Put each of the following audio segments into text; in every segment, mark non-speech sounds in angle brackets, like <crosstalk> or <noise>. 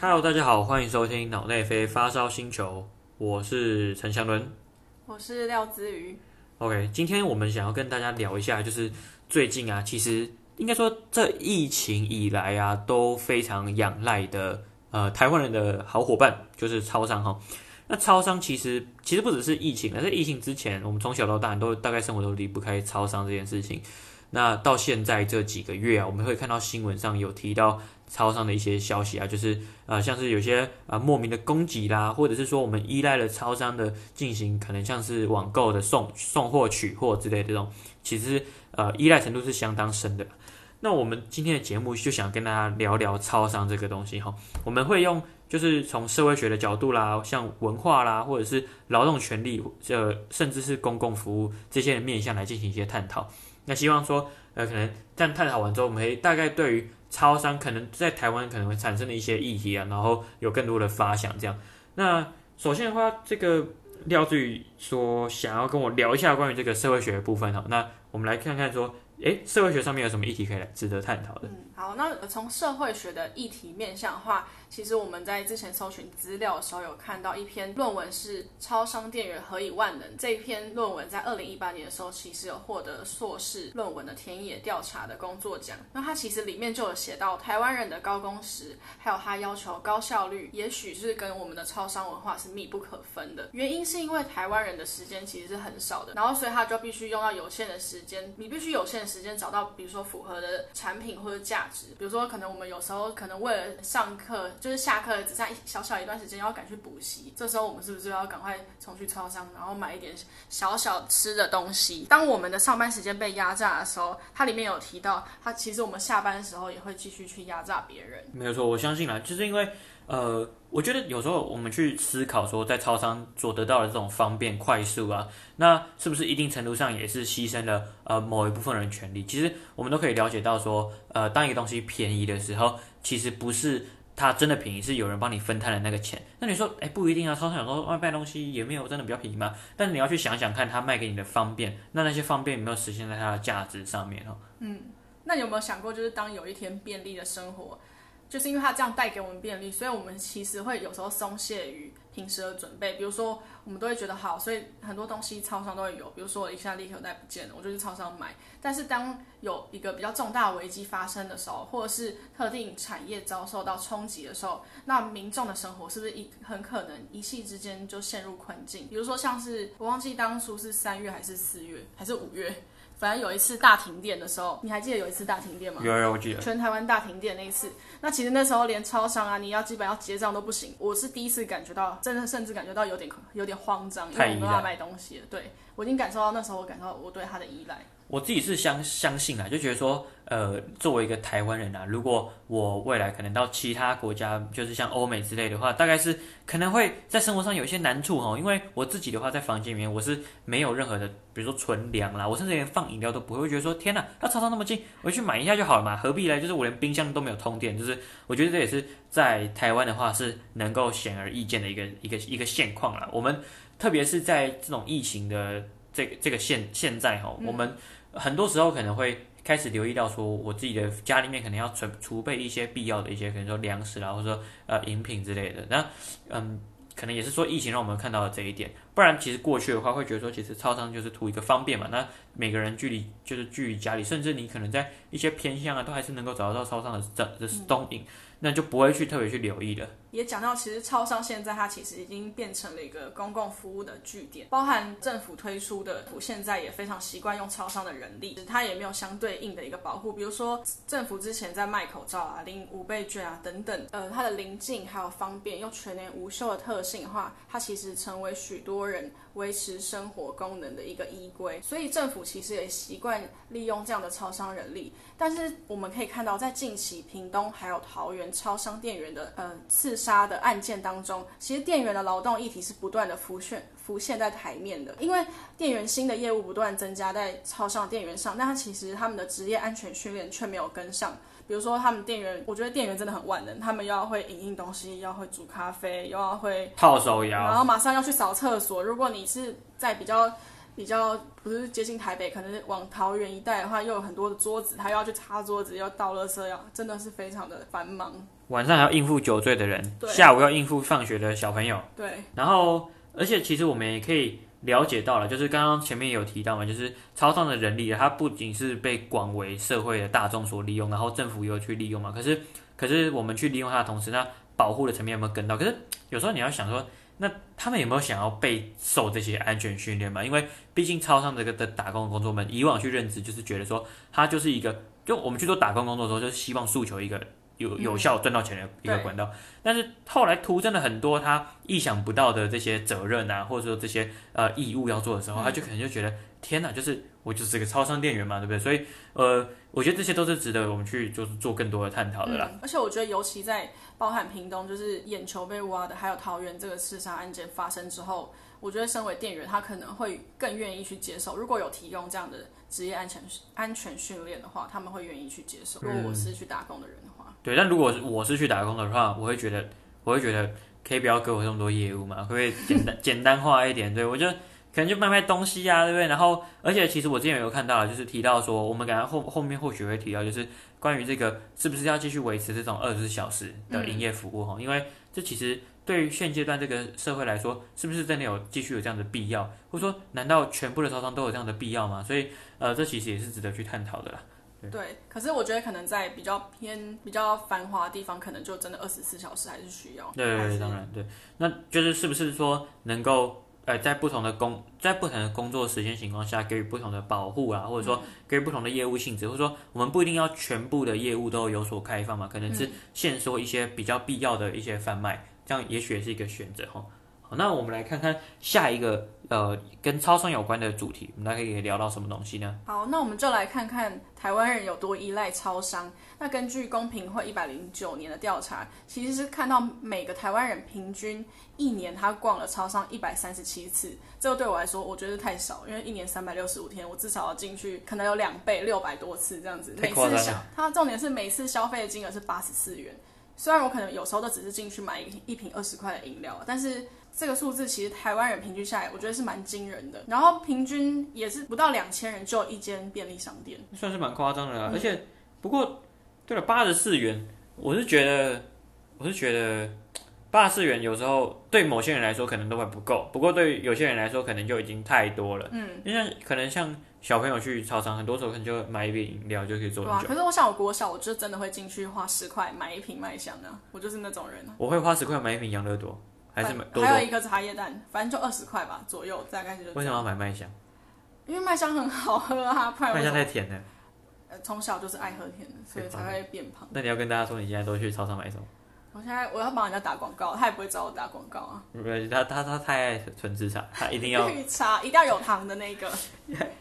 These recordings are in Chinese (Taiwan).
Hello，大家好，歡迎收聽《腦內飛發燒星球》，我是陳庠綸，我是廖姿瑜。OK，今天我們想要跟大家聊一下，就是最近啊，其實應該說，這疫情以來啊，都非常仰賴的，呃，台灣人的好夥伴就是超商哈。那超商其實其實不只是疫情，而在疫情之前，我們從小到大都大概生活都離不開超商這件事情。那到現在這幾個月啊，我們會看到新聞上有提到。超商的一些消息啊，就是呃，像是有些呃莫名的攻擊啦，或者是說我們依賴了超商的進行，可能像是網購的送送貨取貨之類的這種，其實呃依賴程度是相當深的。那我們今天的節目就想跟大家聊聊超商這個東西哈，我們會用就是從社會學的角度啦，像文化啦，或者是勞動權利，呃，甚至是公共服務這些的面向來進行一些探討。那希望說呃可能這樣探討完之後，我們可以大概對於。超商可能在台灣可能會產生的一些議題啊，然後有更多的發想這樣。那首先的話，這個廖姿瑜說想要跟我聊一下關於這個社會學的部分哈，那我們來看看說，哎、欸，社會學上面有什麼議題可以來值得探討的？好，那從社會學的議題面向的話，其實我們在之前搜尋資料的時候，有看到一篇論文是《超商店員何以萬能》這一篇論文，在二零一八年的時候，其實有獲得碩士論文的田野調查的工作獎。那它其實裡面就有寫到台灣人的高工時，還有他要求高效率，也許是跟我們的超商文化是密不可分的。原因是因為台灣人的時間其實是很少的，然後所以他就必須用到有限的時間，你必須有限的時間找到，比如說符合的產品或者價格。比如說，可能我們有時候可能為了上課，就是下課只剩一小小一段時間，要趕去補習，這時候我們是不是要趕快衝去超商，然後買一點小小吃的東西？當我們的上班時間被壓榨的時候，它裡面有提到，它其實我們下班的時候也會繼續去壓榨別人。沒有錯，我相信啦，就是因為。呃，我覺得有時候我們去思考說，在超商所得到的這種方便、快速啊，那是不是一定程度上也是犧牲了呃某一部分人權利？其實我們都可以了解到說，呃，當一個東西便宜的時候，其實不是它真的便宜，是有人幫你分攤的那個錢。那你說，哎，不一定啊，超商有時候外賣東西也沒有真的比較便宜嘛。但是你要去想想看，它賣給你的方便，那那些方便有沒有實現在它的價值上面哈？嗯，那你有沒有想過，就是當有一天便利的生活？就是因為它這樣帶給我們便利，所以我們其實會有時候鬆懈於平時的準備。比如說，我們都會覺得好，所以很多東西超商上都會有。比如說，我一下立可帶不見了，我就去超商買。但是當有一個比較重大危機發生的時候，或者是特定產業遭受到衝擊的時候，那民眾的生活是不是一很可能一夕之間就陷入困境？比如說，像是我忘記當初是三月還是四月還是五月。反正有一次大停電的時候，你還記得有一次大停電嗎？有有，啊，我記得全台灣大停電那一次。那其實那時候連超商啊，你要基本要結賬都不行。我是第一次感覺到，真的甚至感覺到有點有點慌張，因為我沒辦法買東西。對，我已經感受到那時候，我感受到我對它的依賴。我自己是相相信啊，就覺得說，呃，作為一個台灣人啦、啊，如果我未來可能到其他國家，就是像歐美之類的話，大概是可能會在生活上有一些難處哈，因為我自己的話，在房間裡面我是沒有任何的，比如說存糧啦，我甚至連放飲料都不會，我覺得說天吶、啊，它超商那麼近，我去買一下就好了嘛，何必呢？就是我連冰箱都沒有通電，就是我覺得這也是在台灣的話是能夠顯而易見的一個一個一個現況啦。我們特別是在這種疫情的這個、這個現現在哈，嗯、我們。很多時候可能會開始留意到，說我自己的家裡面可能要儲儲備一些必要的一些，可能說糧食啦，或者說呃飲品之類的。那嗯，可能也是說疫情讓我們看到了這一點，不然其實過去的話會覺得說，其實超商就是圖一個方便嘛。那每個人距離就是距離家裡，甚至你可能在一些偏向啊，都還是能夠找得到超商的這是蹤影。In, 那就不會去特別去留意了。也講到，其實超商現在它其實已經變成了一個公共服務的據點，包含政府推出的，我現在也非常習慣用超商的人力，它也沒有相對應的一個保護。比如說政府之前在賣口罩啊、領五倍券啊等等，呃，它的鄰近還有方便、又全年無休的特性的話，它其實成為許多人維持生活功能的一個依歸，所以政府其實也習慣利用這樣的超商人力。但是我們可以看到，在近期，屏東還有桃園超商店員的呃次。殺的案件當中，其實店員的勞動議題是不斷的浮現浮現在台面的，因為店員新的業務不斷增加在超商店員上，但他其實他們的職業安全訓練卻沒有跟上。比如說，他們店員，我覺得店員真的很萬能，他們又要會影印東西，要會煮咖啡，又要會泡手搖，然後馬上要去掃廁所。如果你是在比較比較不是接近台北，可能往桃園一帶的話，又有很多的桌子，他又要去擦桌子，要倒垃圾，要真的是非常的繁忙。晚上還要應付酒醉的人，對下午要應付放學的小朋友。對，然後而且其實我們也可以了解到了，就是剛剛前面有提到嘛，就是超商的人力它不僅是被廣為社會的大眾所利用，然後政府也有去利用嘛。可是，可是我們去利用它的同時呢，那保護的層面有沒有跟到？可是有時候你要想說，那他們有沒有想要被受這些安全訓練嘛？因為畢竟超商這個的打工的工作我們以往去認知就是覺得說，它就是一個，就我們去做打工工作的時候，就是希望訴求一個人有有效賺到錢的一個管道，嗯、但是後來徒增了很多，他意想不到的這些責任啊，或者說這些呃義務要做的時候，嗯、他就可能就覺得天哪、啊，就是我就是個超商店員嘛，對不對？所以呃，我覺得這些都是值得我們去就是做更多的探討的啦、嗯。而且我覺得，尤其在包含屏東，就是眼球被挖的，還有桃園這個刺殺案件發生之後，我覺得身為店員，他可能會更願意去接受，如果有提供這樣的職業安全安全訓練的話，他們會願意去接受。嗯、如果我是去打工的人。對，但如果我是去打工的話，我會覺得，我會覺得可以不要給我這麼多業務嘛？可不可以簡單簡單化一點？對，我就可能就賣賣東西呀、啊，對不對？然後，而且其實我之前有看到了，就是提到說，我們感覺後後面或許會提到，就是關於這個是不是要繼續維持這種二十四小時的營業服務哈？嗯、因為這其實對於現階段這個社會來說，是不是真的有繼續有這樣的必要？或者說，難道全部的超商都有這樣的必要嗎？所以，呃，這其實也是值得去探討的啦。對，對可是我覺得可能在比較偏、比較繁華的地方，可能就真的二十四小時還是需要。對，對，對，是當然對。那就是是不是說能夠呃，在不同的工、在不同的工作時間情況下，給予不同的保護啊，或者說給予不同的業務性質，或者說我們不一定要全部的業務都有所開放嘛？可能是限縮一些比較必要的一些販賣，這樣也許也是一個選擇哈、哦。好，那我們來看看下一個呃跟超商有關的主題，我們大家可以聊到什麼東西呢？好，那我們就來看看台灣人有多依賴超商。那根據公平會一百零九年的調查，其實是看到每個台灣人平均一年他逛了超商一百三十七次。這個對我來說，我覺得太少，因為一年三百六十五天，我至少要進去可能有兩倍六百多次這樣子。每次想，太誇張了。他重點是每次消費的金額是八十四元，雖然我可能有時候都只是進去買一瓶一瓶二十塊的飲料，但是。這個數字其實台灣人平均下來，我覺得是蠻驚人的。然後平均也是不到兩千人就有一間便利商店，算是蠻誇張的啦、啊。嗯、而且不過，對了，八十四元，我是覺得，我是覺得八十四元有時候對某些人來說可能都還不夠，不過對於有些人來說可能就已經太多了。嗯，因為可能像小朋友去超商，很多時候可能就買一瓶飲料就可以坐很久、啊、可是我想，我國小我就真的會進去花十塊買一瓶麥香啊，我就是那種人，我會花十塊買一瓶養樂多。還是買多多？還有一個茶葉蛋，反正就二十塊吧左右，大概就。為什麼要買麥香？因為麥香很好喝啊，麥香太甜了。呃，從小就是愛喝甜的，所以才會變胖。那你要跟大家說，你現在都去超商買什麼？我現在我要幫人家打廣告，他也不會找我打廣告啊。沒有他，他他他太愛純喫茶，他一定要 <laughs> 綠茶，一定要有糖的那個。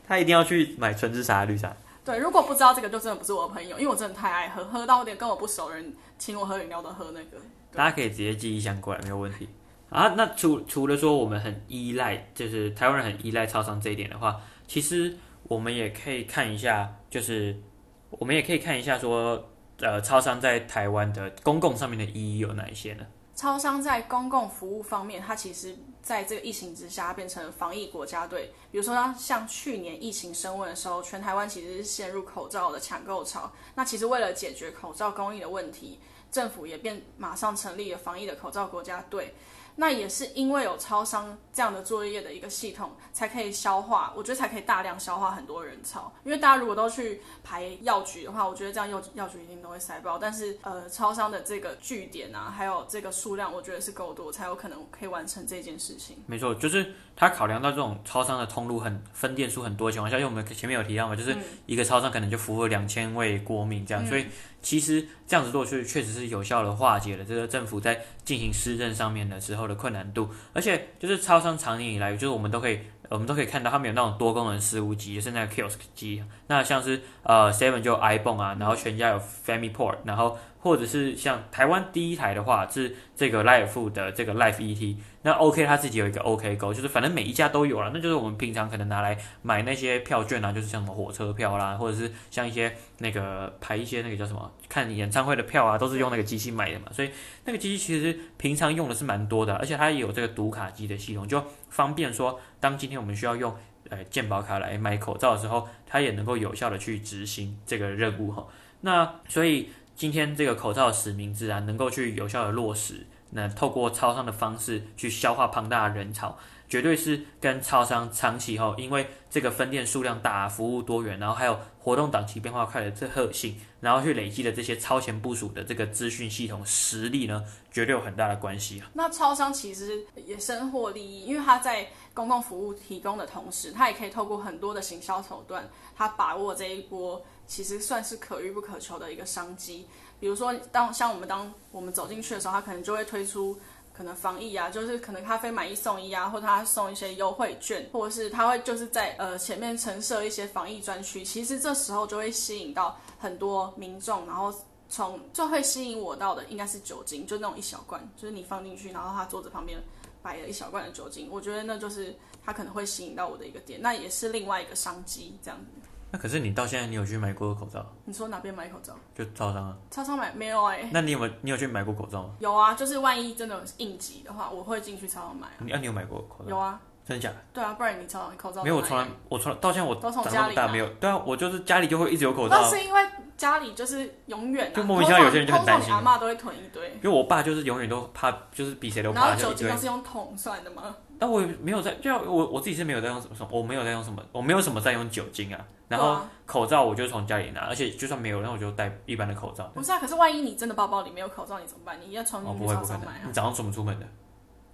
他一定要去買純喫茶的綠茶。對，如果不知道這個，就真的不是我的朋友，因為我真的太愛喝，喝到有點跟我不熟人請我喝飲料都喝那個。大家可以直接寄一箱過來，沒有問題。啊，那除除了說我們很依賴，就是台灣人很依賴超商這一點的話，其實我們也可以看一下，就是我們也可以看一下說，呃，超商在台灣的公共上面的意義有哪一些呢？超商在公共服務方面，它其實在這個疫情之下變成了防疫國家隊。比如說像去年疫情升溫的時候，全台灣其實是陷入口罩的搶購潮。那其實為了解決口罩供應的問題，政府也便馬上成立了防疫的口罩國家隊。那也是因為有超商這樣的作業的一個系統，才可以消化，我覺得才可以大量消化很多人潮。因為大家如果都去排藥局的話，我覺得這樣藥藥局一定都會塞爆。但是，呃，超商的這個據點啊，還有這個數量，我覺得是夠多，才有可能可以完成這件事情。沒錯，就是他考量到這種超商的通路很分店數很多情況下，因為我們前面有提到嘛，就是一個超商可能就服務兩千位國民這樣，嗯、所以。其實這樣子做是確實是有效的化解了這個政府在進行施政上面的時候的困難度，而且就是超商長年以來，就是我們都可以，我們都可以看到，他們有那種多功能事務機，就是那個 kiosk 機，那像是呃 seven 就 ibon 啊，然後全家有 family port，然後。或者是像台灣第一台的話，是這個 Life 的這個 Life ET，那 OK，它自己有一個 OK go，就是反正每一家都有了，那就是我們平常可能拿來買那些票券啊，就是像什麼火車票啦，或者是像一些那個排一些那個叫什麼看演唱會的票啊，都是用那個機器買的嘛，所以那個機器其實平常用的是蠻多的，而且它也有這個讀卡機的系統，就方便說，當今天我們需要用呃、欸、健保卡來買口罩的時候，它也能夠有效的去執行這個任務吼，那所以。今天這個口罩的實名制自然能夠去有效的落實，那透過超商的方式去消化龐大的人潮，絕對是跟超商長期後，因為這個分店數量大、服務多元，然後還有活動檔期變化快的這特性，然後去累積的這些超前部署的這個資訊系統實力呢，絕對有很大的關係啊。那超商其實也深獲利益，因為它在公共服務提供的同時，它也可以透過很多的行銷手段，它把握這一波。其實算是可遇不可求的一個商機。比如說，當像我們當我們走進去的時候，他可能就會推出可能防疫啊，就是可能咖啡買一送一啊，或他送一些優惠券，或者是他會就是在呃前面陳設一些防疫專區。其實這時候就會吸引到很多民眾，然後從就會吸引我到的應該是酒精，就那種一小罐，就是你放進去，然後他桌子旁邊擺了一小罐的酒精。我覺得那就是他可能會吸引到我的一個點，那也是另外一個商機這樣子。那可是你到現在，你有去買過口罩？你說哪邊買口罩？就超商啊。超商買沒有哎、欸？那你有沒有？你有去買過口罩嗎？有啊，就是萬一真的有應急的話，我會進去超商買啊。啊，你有買過口罩？有啊，真假的？對啊，不然你超商口罩沒有？我從來我從來到現在我都都從家裡長那麼大沒有。對啊，我就是家裡就會一直有口罩。那是因為。家裡就是永遠就莫名其妙，有些人就很擔心。阿媽都會囤一堆。因為我爸就是永遠都怕，就是比誰都怕。然後酒精都是用桶算的嘛。但我也沒有在，就我我自己是沒有在用什麼，我沒有在用什麼，我沒有什麼在用酒精啊。然後口罩我就從家裡拿，啊、而且就算沒有，那我就戴一般的口罩。不是啊，可是萬一你真的包包裡沒有口罩，你怎麼辦？你要從別處買、啊哦。不會不會。你早上怎麼出門的？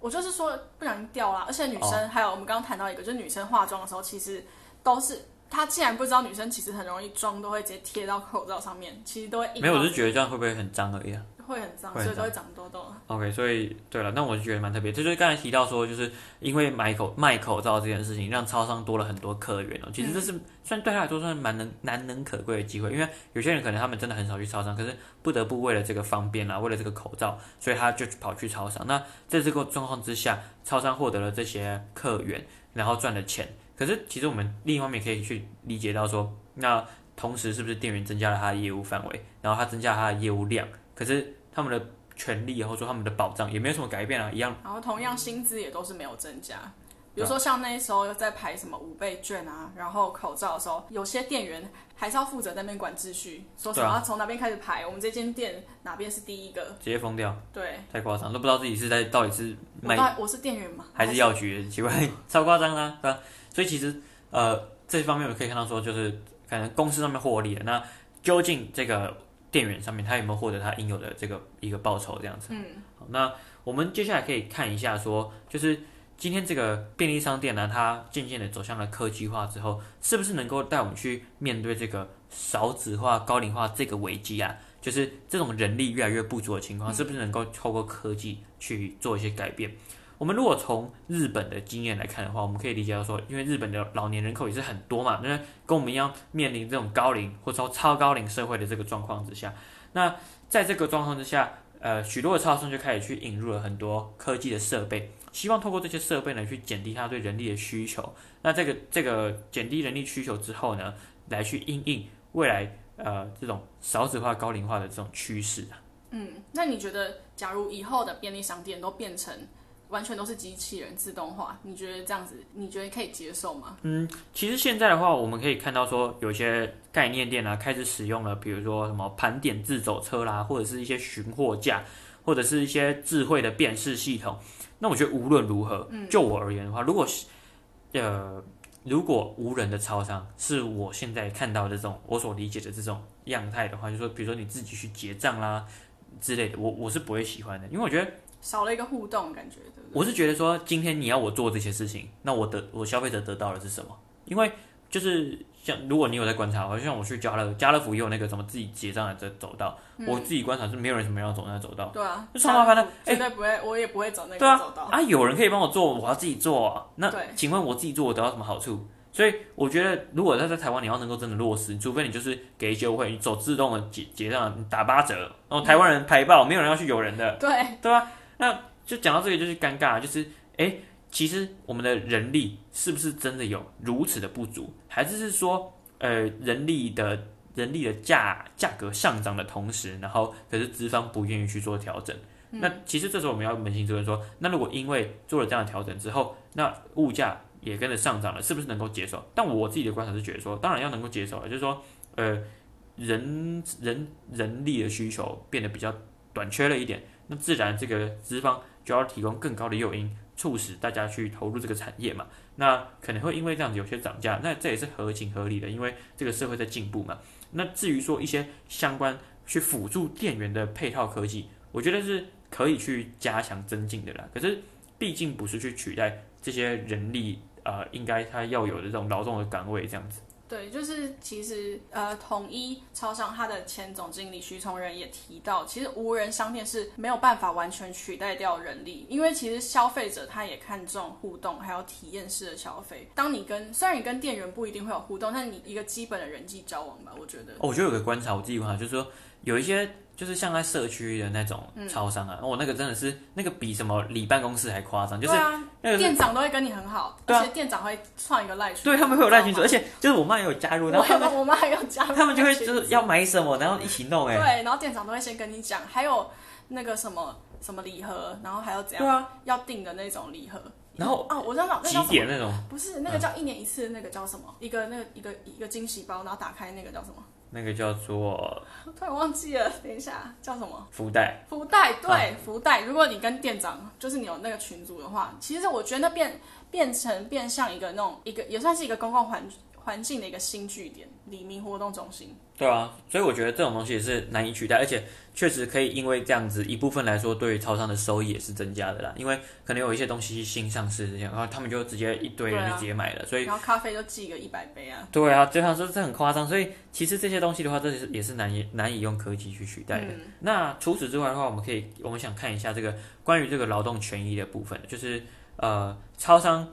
我就是說不小心掉了，而且女生、哦、還有我們剛剛談到一個，就是女生化妝的時候其實都是。他既然不知道女生其實很容易妝都會直接貼到口罩上面，其實都會。沒有，我是覺得這樣會不會很髒而已啊？會很髒，很髒，所以都會長痘痘。OK，所以對了，那我就覺得蠻特別。這就是剛才提到說，就是因為買口賣口罩這件事情，讓超商多了很多客源哦。其實這是算、嗯、對他來說算是蠻能難能可貴的機會，因為有些人可能他們真的很少去超商，可是不得不為了這個方便啊，為了這個口罩，所以他就跑去超商。那在這個狀況之下，超商獲得了這些客源，然後賺了錢。可是其實我們另一方面可以去理解到說，那同時是不是店員增加了他的業務範圍，然後他增加了他的業務量，可是他們的權利或者說他們的保障也沒有什麼改變啊，一樣。然後同樣薪資也都是沒有增加，比如說像那時候在排什麼五倍券啊，啊然後口罩的時候，有些店員還是要負責在那邊管秩序，說什麼從哪邊開始排，啊、我們這間店哪邊是第一個，直接封掉，對，太誇張，都不知道自己是在到底是賣我到底我是店員嗎還是藥局的？奇怪，嗯、超誇張啦、啊，是吧、啊？所以其實，呃，這方面我們可以看到說，就是可能公司上面獲利了。那究竟這個店員上面他有沒有獲得他應有的這個一個報酬？這樣子。嗯。好，那我們接下來可以看一下說，就是今天這個便利商店呢、啊，它漸漸的走向了科技化之後，是不是能夠帶我們去面對這個少子化、高齡化這個危機啊？就是這種人力越來越不足的情況，是不是能夠透過科技去做一些改變？嗯我們如果從日本的經驗來看的話，我們可以理解到說，因為日本的老年人口也是很多嘛，那跟我們一樣面臨這種高齡或者說超高齡社會的這個狀況之下，那在這個狀況之下，呃，許多的超商就開始去引入了很多科技的設備，希望透過這些設備呢，去減低它對人力的需求。那這個這個減低人力需求之後呢，來去因應未來呃這種少子化高齡化的這種趨勢。嗯，那你覺得假如以後的便利商店都變成？完全都是機器人自動化，你覺得這樣子，你覺得可以接受嗎？嗯，其實現在的話，我們可以看到說，有些概念店呢，啊、開始使用了，比如說什麼盤點自走車啦，或者是一些巡貨架，或者是一些智慧的辨識系統。那我覺得無論如何，嗯、就我而言的話，如果是呃，如果無人的超商是我現在看到這種我所理解的這種樣態的話，就是、說比如說你自己去結賬啦之類的，我我是不會喜歡的，因為我覺得。少了一個互動感覺，對不對？我是覺得說，今天你要我做這些事情，那我的我消費者得到的是什麼？因為就是像如果你有在觀察，好像我去家樂家樂福也有那個什麼自己結賬的走道，嗯、我自己觀察是沒有人怎麼樣走那走道，對啊，太麻煩的絕對不會，我也不會走那個走道啊。啊有人可以幫我做，我要自己做。啊。那請問我自己做我得到什麼好處？所以我覺得如果他在台灣你要能夠真的落實，除非你就是給一些優惠，你走自動的結結賬，你打八折，然後台灣人排爆，對沒有人要去有人的，對對吧、啊？那就講到這個就是尷尬，就是哎，其實我們的人力是不是真的有如此的不足，還是是說呃人力的人力的價價格上漲的同時，然後可是資方不願意去做調整？嗯、那其實這時候我們要捫心自問，說那如果因為做了這樣的調整之後，那物價也跟着上漲了，是不是能夠接受？但我自己的觀察是覺得說，當然要能夠接受了，就是說呃人人人力的需求變得比較短缺了一點。那自然這個資方就要提供更高的誘因，促使大家去投入這個產業嘛。那可能會因為這樣子有些漲價，那這也是合情合理的，因為這個社會在進步嘛。那至於說一些相關去輔助店員的配套科技，我覺得是可以去加強增進的啦。可是畢竟不是去取代這些人力啊、呃，應該他要有的這種勞動的崗位這樣子。對，就是其實呃，統一超商它的前總經理徐重仁也提到，其實無人商店，是沒有辦法完全取代掉人力，因為其實消費者他也看重互動，還有體驗式的消費。當你跟，雖然你跟店員不一定會有互動，但是你一個基本的人際交往吧，我覺得。哦，我覺得有一個觀察，我記己有就是說。有一些就是像在社區的那種超商啊，我那個真的是那個比什麼禮辦公室還誇張，就是店長都會跟你很好，而且店長會創一個賴群，對他們會有賴群組，而且就是我媽也有加入，那個，我媽也有加入，他們就會就是要買什麼，然後一起弄，哎，對，然後店長都會先跟你講，還有那個什麼什麼禮盒，然後還要怎樣要訂的那種禮盒，然後啊，我知道那個幾點那種。不是那個叫一年一次，那個叫什麼一個那個一個一個驚喜包，然後打開那個叫什麼。那個叫做，我突然忘記了，等一下叫什麼？福袋，福袋，對，啊、福袋。如果你跟店長，就是你有那個群組的話，其實我覺得那變變成變像一個那種一個也算是一個公共環。環境的一個新據點，黎明活動中心。對啊，所以我覺得這種東西也是難以取代，而且確實可以因為這樣子一部分來說，對於超商的收益也是增加的啦。因為可能有一些東西新上市這些，然後他們就直接一堆人就直接買了，啊、所以然後咖啡都寄個一百杯啊。對啊，就像說這很誇張，所以其實這些東西的話，這也是難以難以用科技去取代的。嗯、那除此之外的話，我們可以我們想看一下這個關於這個勞動權益的部分，就是呃，超商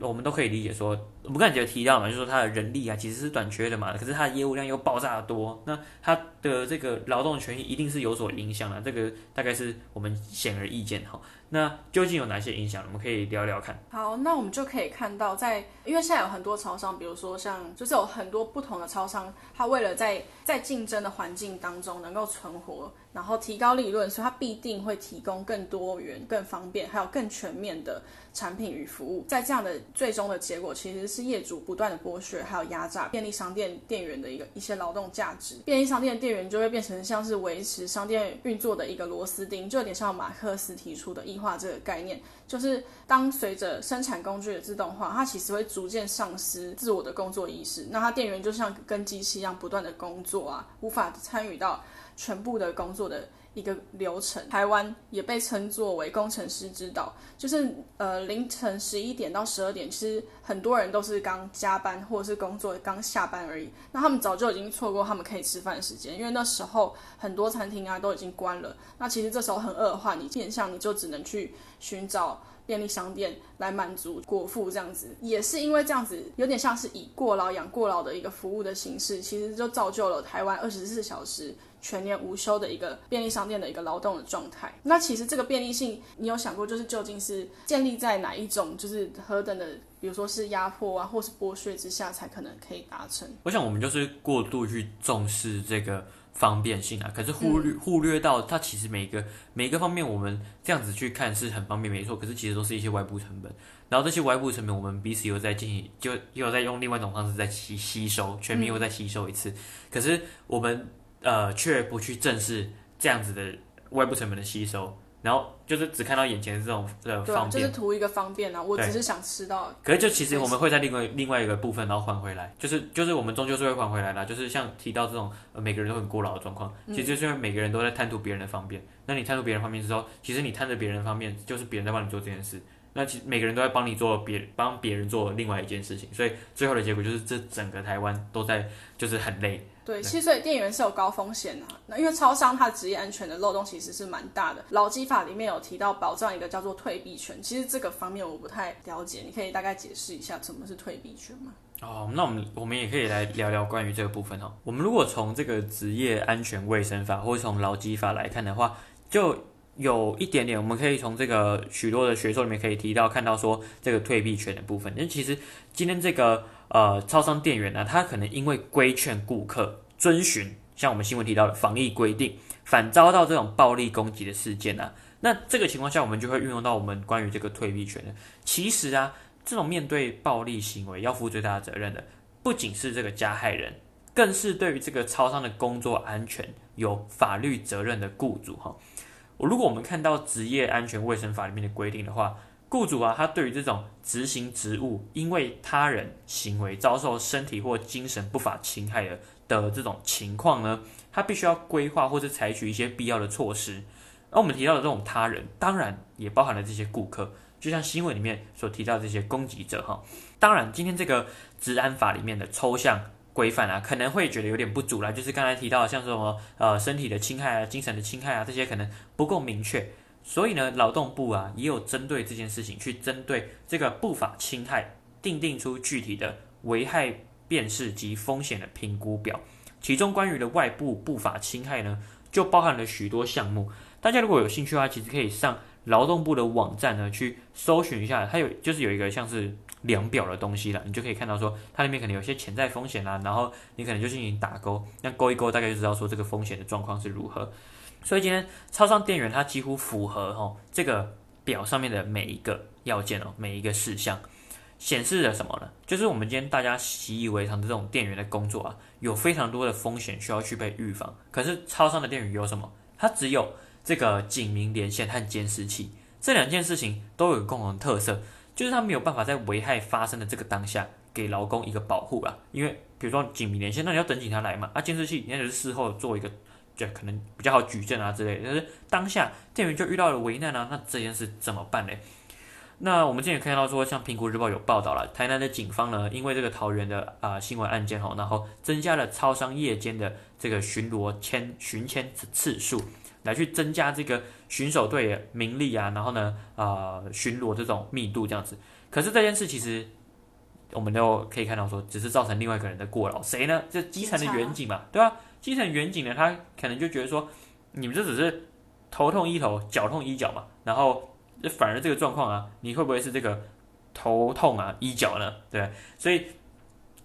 我們都可以理解說。我們剛才也提到嘛，就是說他的人力啊其實是短缺的嘛，可是它的業務量又爆炸得多，那它的這個勞動權益一定是有所影響的，這個大概是我們顯而易見哈。那究竟有哪些影響？我們可以聊一聊看。好，那我們就可以看到在，在因為現在有很多超商，比如說像就是有很多不同的超商，它為了在在競爭的環境當中能夠存活，然後提高利潤，所以它必定會提供更多元、更方便，還有更全面的產品與服務。在這樣的最終的結果，其實是。是業主不斷的剝削還有壓榨便利商店店員的一個一些勞動價值，便利商店的店員就會變成像是維持商店運作的一個螺絲釘，就有點像有馬克思提出的異化這個概念，就是當隨着生產工具的自動化，它其實會逐漸喪失自我的工作意識，那它店員就像跟機器一樣不斷的工作啊，無法參與到全部的工作的。一個流程，台灣也被稱作為工程師之島，就是呃凌晨十一點到十二點，其實很多人都是剛加班或者是工作剛下班而已，那他們早就已經錯過他們可以吃飯時間，因為那時候很多餐廳啊都已經關了，那其實這時候很餓的話，你變相你就只能去尋找。便利商店來滿足果腹這樣子，也是因為這樣子有點像是以過勞養過勞的一個服務的形式，其實就造就了台灣二十四小時全年無休的一個便利商店的一個勞動的狀態。那其實這個便利性，你有想過就是究竟是建立在哪一種，就是何等的，比如說是壓迫啊，或是剝削之下才可能可以達成？我想我們就是過度去重視這個。方便性啊，可是忽略忽略到它其實每個、嗯、每個方面，我們這樣子去看是很方便，沒錯。可是其實都是一些外部成本，然後這些外部成本我們彼此又在進行，就又在用另外一種方式再吸吸收，全民又再吸收一次。嗯、可是我們呃卻不去正視這樣子的外部成本的吸收。然後就是只看到眼前的這種呃方便啊，就是圖一個方便啊。我只是想吃到可，可是就其實我們會在另外另外一個部分，然後還回來。就是就是我們終究是會還回來的。就是像提到這種呃每個人都很過勞的狀況，其實就是因為每個人都在貪圖別人的方便。嗯、那你貪圖別人的方便之後，其實你貪着別人的方便，就是別人在幫你做這件事。那其實每個人都在幫你做別幫別人做另外一件事情，所以最後的結果就是這整個台灣都在就是很累。對，其實店員是有高風險的，啊，那因為超商它職業安全的漏洞其實是蠻大的。勞基法裡面有提到保障一個叫做退避權，其實這個方面我不太了解，你可以大概解釋一下什麼是退避權嗎？哦，那我們我們也可以來聊聊關於這個部分哦。是我們如果從這個職業安全衛生法，或者從勞基法來看的話，就有一點點我們可以從這個許多的學說裡面可以提到看到說這個退避權的部分。但其實今天這個。呃，超商店員呢、啊，他可能因為規勸顧客遵循像我們新聞提到的防疫規定，反遭到這種暴力攻擊的事件呢、啊，那這個情況下，我們就會運用到我們關於這個退避權的。其實啊，這種面對暴力行為要負最大的責任的，不僅是這個加害人，更是對於這個超商的工作安全有法律責任的雇主哈。我如果我們看到職業安全衛生法裡面的規定的話。雇主啊，他對於這種執行職務因為他人行為遭受身體或精神不法侵害的的這種情況呢，他必須要規劃或者採取一些必要的措施。而、啊、我們提到的這種他人，當然也包含了這些顧客，就像新聞裡面所提到的這些攻擊者哈。當然，今天這個職安法裡面的抽象規範啊，可能會覺得有點不足啦，就是剛才提到的像什麼呃身體的侵害啊、精神的侵害啊這些，可能不夠明確。所以呢，勞動部啊也有針對這件事情，去針對這個不法侵害，訂定出具體的危害辨識及風險的評估表。其中關於的外部不法侵害呢，就包含了許多項目。大家如果有興趣的話，其實可以上勞動部的網站呢去搜尋一下，它有就是有一個像是量表的東西啦，你就可以看到說它裡面可能有些潛在風險啦，然後你可能就進行打勾，那勾一勾大概就知道說這個風險的狀況是如何。所以今天超商店員它幾乎符合吼這個表上面的每一個要件哦，每一個事項，顯示了什麼呢？就是我們今天大家習以為常的這種店員的工作啊，有非常多的風險需要去被預防。可是超商的店員有什麼？它只有這個警民連線和監視器，這兩件事情都有共同特色，就是它沒有辦法在危害發生的這個當下給勞工一個保護啊。因為比如說警民連線，那你要等警察來嘛？啊，監視器，應該就是事後做一個。就可能比較好舉證啊之類的，但是當下店員就遇到了危難啊。那這件事怎麼辦呢？那我們今天也看到說，像蘋果日報有報道了，台南的警方呢，因為這個桃園的啊、呃、新聞案件哦，然後增加了超商夜間的這個巡邏簽巡簽次數，來去增加這個巡守隊的名利啊，然後呢啊、呃、巡邏這種密度這樣子。可是這件事其實我們都可以看到說，只是造成另外一個人的過勞，誰呢？這基層的員警嘛，常對吧、啊？基層員警呢，他可能就覺得說，你們這只是頭痛醫頭，腳痛醫腳嘛，然後反而這個狀況啊，你會不會是這個頭痛啊醫腳呢？對，所以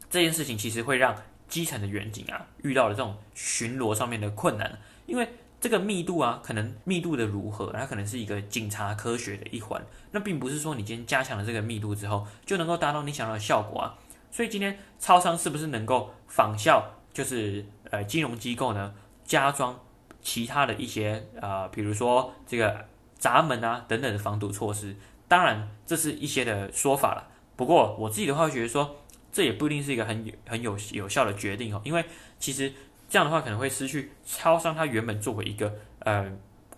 這件事情其實會讓基層的員警啊遇到了這種巡邏上面的困難，因為這個密度啊，可能密度的如何，它可能是一個警察科學的一環，那並不是說你今天加強了這個密度之後，就能夠達到你想要的效果啊。所以今天超商是不是能夠仿效，就是？呃，金融機構呢加裝其他的一些啊，呃、比如說這個閘門啊等等的防堵措施，當然這是一些的說法了。不過我自己的話，覺得說這也不一定是一個很有很有有效的決定哦，因為其實這樣的話可能會失去超商它原本作為一個呃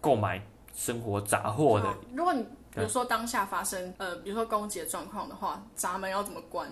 購買生活雜貨的、啊。如果你比如說當下發生呃比如說攻擊的狀況的話，閘門要怎麼關？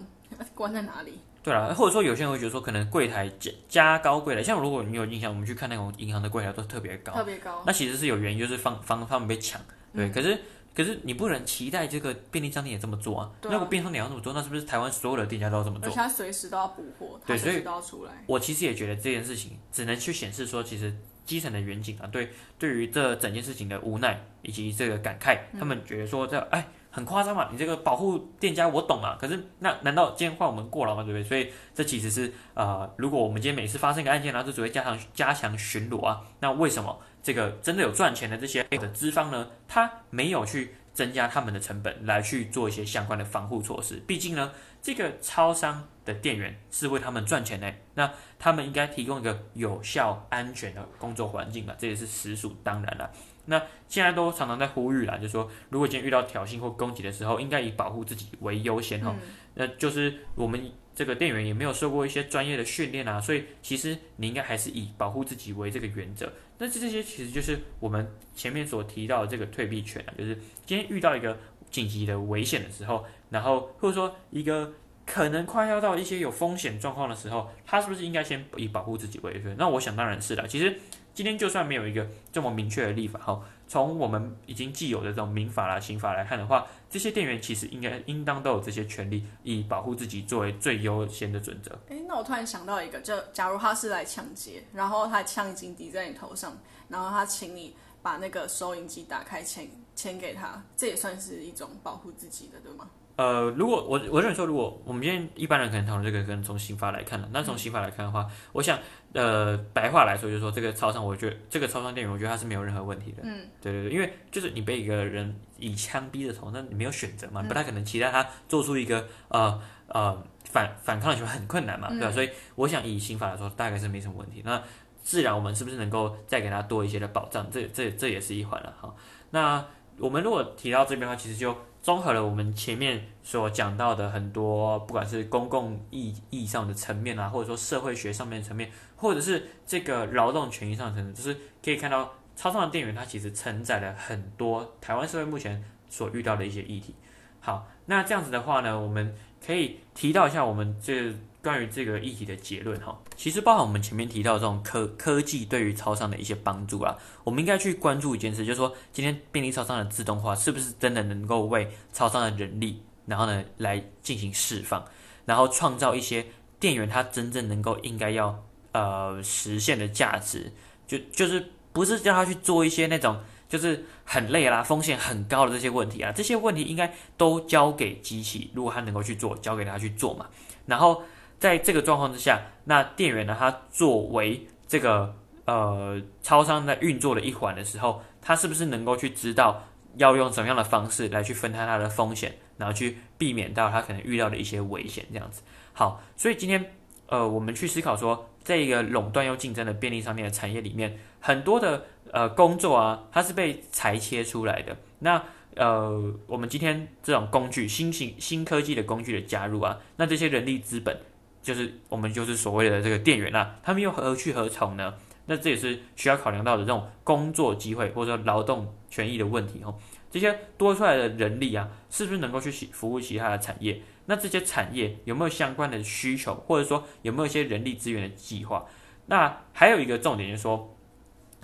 關在哪裡？對了、啊，或者說有些人會覺得說，可能櫃檯加加高櫃檯，像如果你有印象，我們去看那種銀行的櫃檯都特別高，特別高。那其實是有原因，就是防防他們被搶，對。嗯、可是可是你不能期待這個便利商店也這麼做啊。嗯、那如果便利商店要這麼做，那是不是台灣所有的店家都要這麼做？而且他隨時都要補貨，他時取要出來。我其實也覺得這件事情只能去顯示說，其實基層的員警啊，對對於這整件事情的無奈以及這個感慨，嗯、他們覺得說這哎。很誇張嘛，你這個保護店家我懂啊，可是那難道今天換我們過勞嗎？對不對？所以這其實是呃，如果我們今天每次發生一個案件，然後就只會加強加強巡邏啊，那為什麼這個真的有賺錢的這些的資方呢？他沒有去增加他們的成本來去做一些相關的防護措施？畢竟呢，這個超商的店員是為他們賺錢的、欸、那他們應該提供一個有效安全的工作環境吧？這也是實屬當然了。那現在都常常在呼籲啦，就是說如果今天遇到挑釁或攻擊的時候，應該以保護自己為優先哈。嗯、那就是我們這個店員也沒有受過一些專業的訓練啊，所以其實你應該還是以保護自己為這個原則。那這這些其實就是我們前面所提到的這個退避權啊，就是今天遇到一個緊急的危險的時候，然後或者說一個可能快要到一些有風險狀況的時候，他是不是應該先以保護自己為先？那我想當然是啦、啊，其實。今天就算沒有一個這麼明確的立法，哈，從我們已經既有的這種民法啦、刑法來看的話，這些店員其實應該應當都有這些權利，以保護自己作為最優先的準則。誒，那我突然想到一個，就假如他是來搶劫，然後他的槍已經抵在你頭上，然後他請你把那個收銀機打開簽，錢錢給他，這也算是一種保護自己的，對嗎？呃，如果我我認為說，如果我們今天一般人可能討論這個，可能從刑法來看的。那從刑法來看的話，嗯、我想，呃，白話來說就是說，這個超商，我覺得這個超商店員，我覺得它是沒有任何問題的。嗯，對對對，因為就是你被一個人以槍逼的時候，那你沒有選擇嘛，不太可能期待他做出一個呃呃反反抗的行為很困難嘛，對吧？嗯、所以我想以刑法來說，大概是沒什麼問題。那自然我們是不是能夠再給他多一些的保障？這這這也是一環了、啊、哈。那我們如果提到這邊的話，其實就。綜合了我們前面所講到的很多，不管是公共意義上的層面啊，或者說社會學上面層面，或者是這個勞動權益上的層面，就是可以看到超商的店員，它其實承載了很多台灣社會目前所遇到的一些議題。好，那這樣子的話呢，我們可以提到一下我們這個。關於這個議題的結論哈、哦，其實包含我們前面提到這種科科技對於超商的一些幫助啊，我們應該去關注一件事，就是說今天便利超商的自動化是不是真的能夠為超商的人力，然後呢來進行釋放，然後創造一些店員他真正能夠應該要呃實現的價值，就就是不是叫他去做一些那種就是很累啦、啊、風險很高的這些問題啊，這些問題應該都交給機器，如果他能夠去做，交給他去做嘛，然後。在這個狀況之下，那店員呢？他作為這個呃超商在運作的一環的時候，他是不是能夠去知道要用什麼樣的方式來去分攤他的風險，然後去避免到他可能遇到的一些危險？這樣子。好，所以今天呃，我們去思考說，在一個壟斷又競爭的便利商店的產業裡面，很多的呃工作啊，它是被裁切出來的。那呃，我們今天這種工具、新型新科技的工具的加入啊，那這些人力資本。就是我們就是所謂的這個店員啊，他們又何去何從呢？那這也是需要考量到的這種工作機會或者說勞動權益的問題哦。這些多出來的人力啊，是不是能夠去服務其他的產業？那這些產業有沒有相關的需求，或者說有沒有一些人力資源的計劃？那還有一個重點就是說，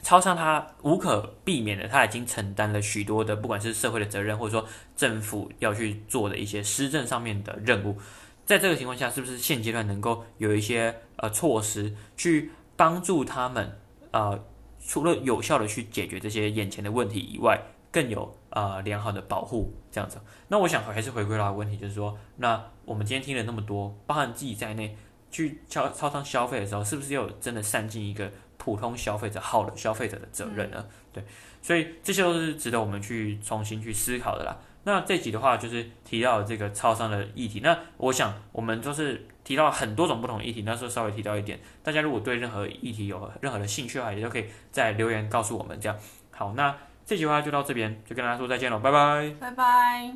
超商它無可避免的，它已經承擔了許多的不管是社會的責任，或者說政府要去做的一些施政上面的任務。在這個情況下，是不是現階段能夠有一些呃措施去幫助他們？呃，除了有效的去解決這些眼前的問題以外，更有呃良好的保護這樣子。那我想還是回歸到的問題，就是說，那我們今天聽了那麼多，包含自己在內去超超商消費的時候，是不是又有真的善盡一個普通消費者好的消費者的責任呢？嗯、對，所以這些都是值得我們去重新去思考的啦。那這集的話就是提到這個超商的議題。那我想我們就是提到很多種不同的議題，那時候稍微提到一點。大家如果對任何議題有任何的興趣的話，也都可以在留言告訴我們。這樣好，那這集的話就到這邊，就跟大家說再見囉，拜拜，拜拜。